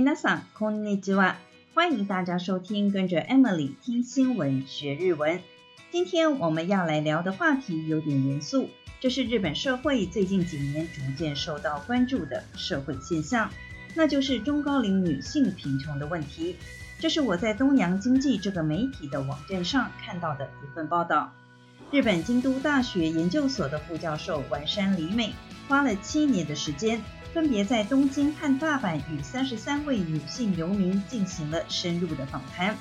皆さんこんにちは。歡迎大家收聽，跟着 Emily 聽新聞學日文。今天我們要來聊的話題有點嚴肅，這是日本社會最近幾年逐漸受到關注的社會現象，那就是中高齡女性貧窮的問題。這是我在《東洋經濟》這個媒體的網站上看到的一份報道。日本京都大學研究所的副教授丸山里美花了七年的時間。分別在東京和大阪與三十三位女性遊民進行了深入的訪談。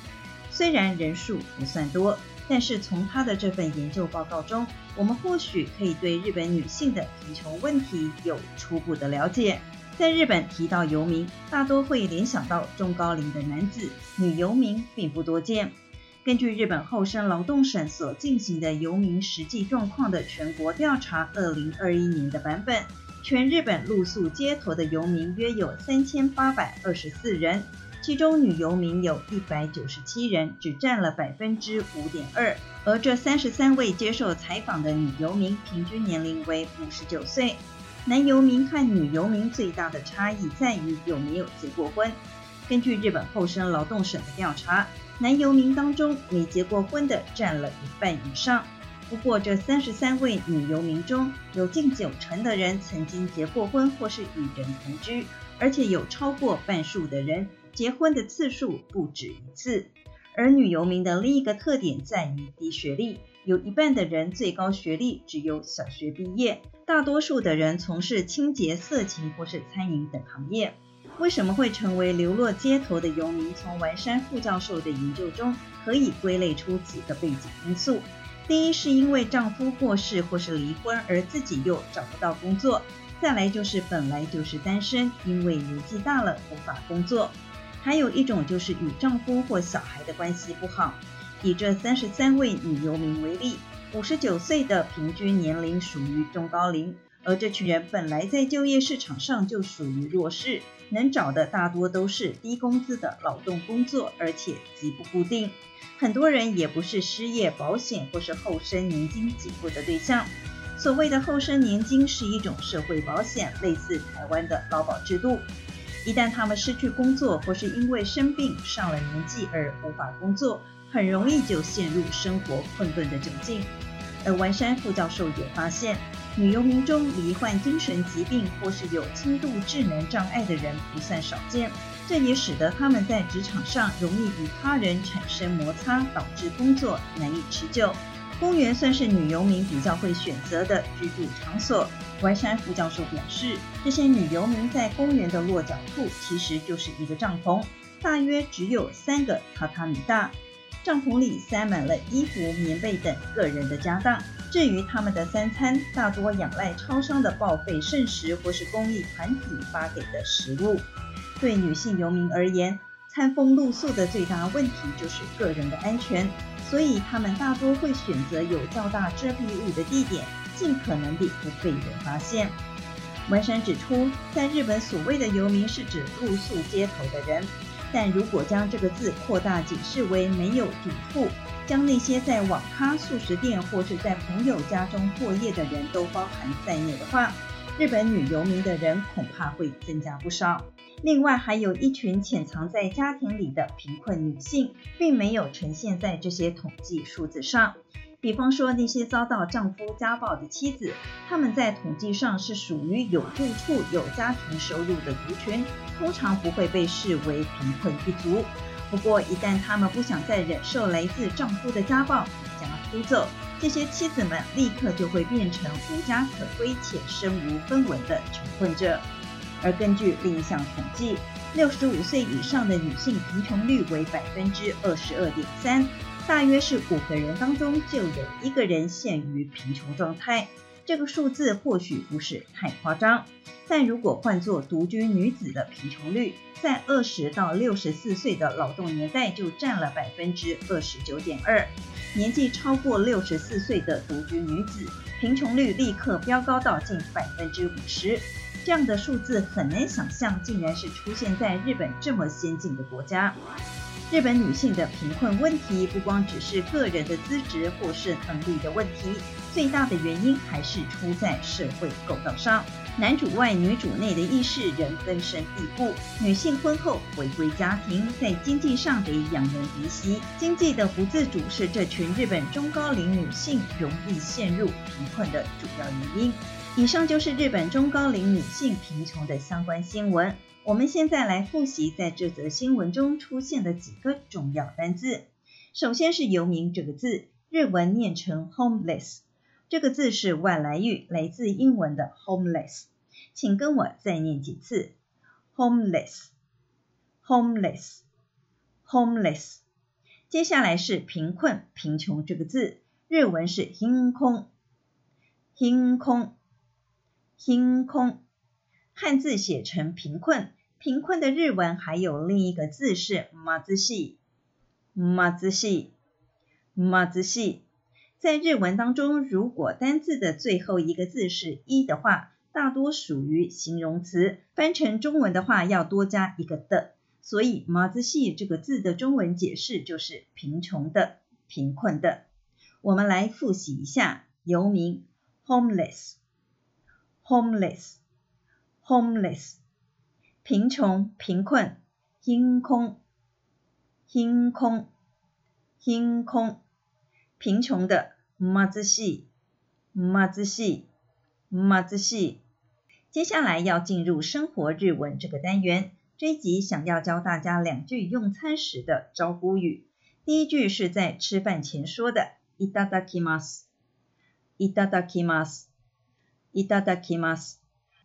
雖然人數不算多，但是從她的這份研究報告中，我們或許可以對日本女性的貧窮問題有初步的了解。在日本，提到遊民，大多會聯想到中高齡的男子，女遊民並不多見。根據日本厚生勞動省所進行的遊民實際狀況的全國調查，二零二一年的版本。全日本露宿街頭的遊民約有三千八百二十四人，其中女遊民有一百九十七人，只佔了百分之五點二。而這三十三位接受採訪的女遊民平均年齡為五十九歲。男遊民和女遊民最大的差異在於有沒有結過婚。根據日本厚生勞動省的調查，男遊民當中沒結過婚的佔了一半以上。不過，這三十三位女遊民中有近九成的人曾經結過婚或是與人同居，而且有超過半數的人結婚的次數不止一次。而女遊民的另一個特點在於低學歷，有一半的人最高學歷只有小學畢業，大多數的人從事清潔、色情或是餐飲等行業。為什麼會成為流落街頭的遊民？從丸山副教授的研究中可以歸類出幾個背景因素。第一是因為丈夫過世或是離婚而自己又找不到工作，再來就是本來就是單身，因為年紀大了無法工作，還有一種就是與丈夫或小孩的關係不好。以這三十三位女游民為例，五十九歲的平均年齡屬於中高齡。而這群人本來在就業市場上就屬於弱勢，能找的大多都是低工資的勞動工作，而且極不固定。很多人也不是失業保險或是後生年金給付的對象。所謂的後生年金是一種社會保險，類似台灣的勞保制度。一旦他們失去工作，或是因為生病上了年紀而無法工作，很容易就陷入生活困頓的窘境。而萬山副教授也發現。女遊民中罹患精神疾病，或是有輕度智能障礙的人不算少見，這也使得他們在職場上容易與他人產生摩擦，導致工作難以持久。公園算是女遊民比較會選擇的居住場所。丸山副教授表示，這些女遊民在公園的落腳處其實就是一個帳篷，大約只有三個榻榻米大，帳篷裡塞滿了衣服、棉被等個人的家當。至於他們的三餐，大多仰賴超商的報廢剩食或是公益團體發給的食物。對女性游民而言，餐風露宿的最大問題就是個人的安全，所以他們大多會選擇有較大遮蔽物的地點，盡可能的不被人發現。文山指出，在日本所謂的游民，是指露宿街頭的人。但如果將這個字擴大解釋為沒有主婦，將那些在網咖、速食店或是在朋友家中過夜的人都包含在內的話，日本女遊民的人恐怕會增加不少。另外，還有一群潛藏在家庭裡的貧困女性，并沒有呈現在這些統計數字上。比方說那些遭到丈夫家暴的妻子，他們在統計上是屬於有住處、有家庭收入的族群，通常不會被視為貧困一族。不過，一旦他們不想再忍受來自丈夫的家暴、離家出走，這些妻子們立刻就會變成無家可歸且身無分文的窮困者。而根據另一項統計，六十五歲以上的女性貧窮率為百分之二十二點三。大約是五個人當中就有一個人陷於貧窮狀態，這個數字或許不是太誇張，但如果換作獨居女子的貧窮率，在二十到六十四歲的勞動年代就占了百分之二十九點二，年紀超過六十四歲的獨居女子貧窮率立刻飆高到近百分之五十，這樣的數字很難想象，竟然是出現在日本這麼先進的國家。日本女性的貧困問題不光只是個人的資質或是能力的問題，最大的原因還是出在社會構造上。男主外女主內的意識仍根深蒂固，女性婚後回歸家庭，在經濟上得仰人鼻息。經濟的不自主是這群日本中高齡女性容易陷入貧困的主要原因。以上就是日本中高齡女性貧窮的相關新聞。我們現在來複習在這則新聞中出現的幾個重要單字，首先是“遊民”這個字，日文念成 “homeless”，這個字是外來語，來自英文的 “homeless”。請跟我再念幾次：“homeless，homeless，homeless” homeless。Homeless, homeless, homeless 接下來是“貧困”“貧窮”這個字，日文是“貧困。貧困。貧困，漢字寫成貧困。貧困的日文還有另一個字是“貧しい”，“貧しい”，“貧しい”。在日文當中，如果單字的最後一個字是一的話，大多屬於形容詞。翻成中文的話，要多加一個的。所以“貧しい”這個字的中文解釋就是貧窮的、貧困的。我們來複習一下，游民 （homeless）。homeless，homeless，Homeless，貧窮、貧困、貧困、貧困、貧困，貧窮的貧しい、貧しい、貧しい。接下來要進入生活日文這個單元，這一集想要教大家兩句用餐時的招呼語。第一句是在吃飯前說的，いただきます、いただきます，いただきます。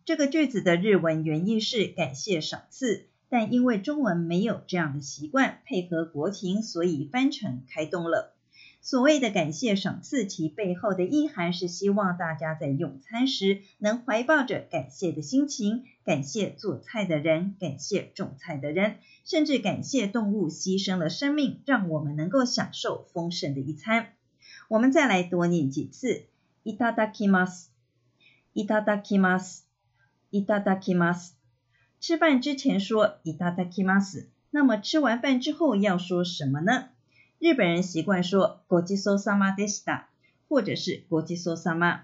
這個句子的日文原意是感謝賞賜，但因為中文沒有這樣的習慣，配合國情，所以翻成開動了。所謂的感謝賞賜，其背後的意涵是希望大家在用餐時能懷抱着感謝的心情，感謝做菜的人，感謝種菜的人，甚至感謝動物犧牲了生命，讓我們能夠享受豐盛的一餐。我們再來多念幾次，いただきます。いただきます，いただきます。吃飯之前說いただきます，那麼吃完飯之後要說什麼呢？日本人習慣說ごちそうさまでした，或者是ごちそうさま。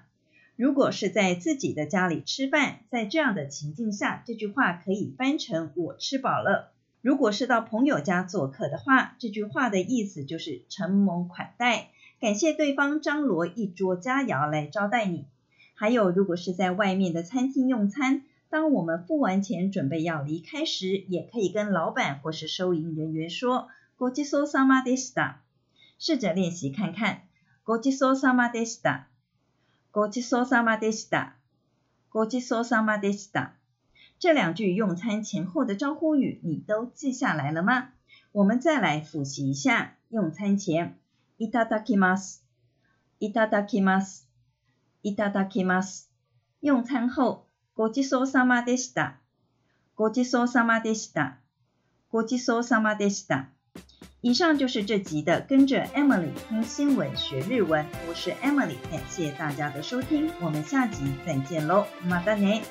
如果是在自己的家裡吃飯，在這樣的情境下，這句話可以翻成我吃飽了。如果是到朋友家做客的話，這句話的意思就是承蒙款待，感謝對方張羅一桌佳肴來招待你。還有，如果是在外面的餐廳用餐，當我們付完錢準備要離開時，也可以跟老闆或是收銀人員說“ごちそうさまでした”。試着練習看看，“ごちそうさまでした”，“ごちそうさまでした”，“ごちそうさまでした”，“ごちそうさまでした”。這兩句用餐前後的招呼語，你都記下來了嗎？我們再來複習一下用餐前，“いただきます”，“いただきます”。いただきます。用餐後、ごちそうさまでした。以上就是這集的，跟着 Emily 聽新聞學日文。我是 Emily，感謝大家的收聽，我們下集再見嘍，またね。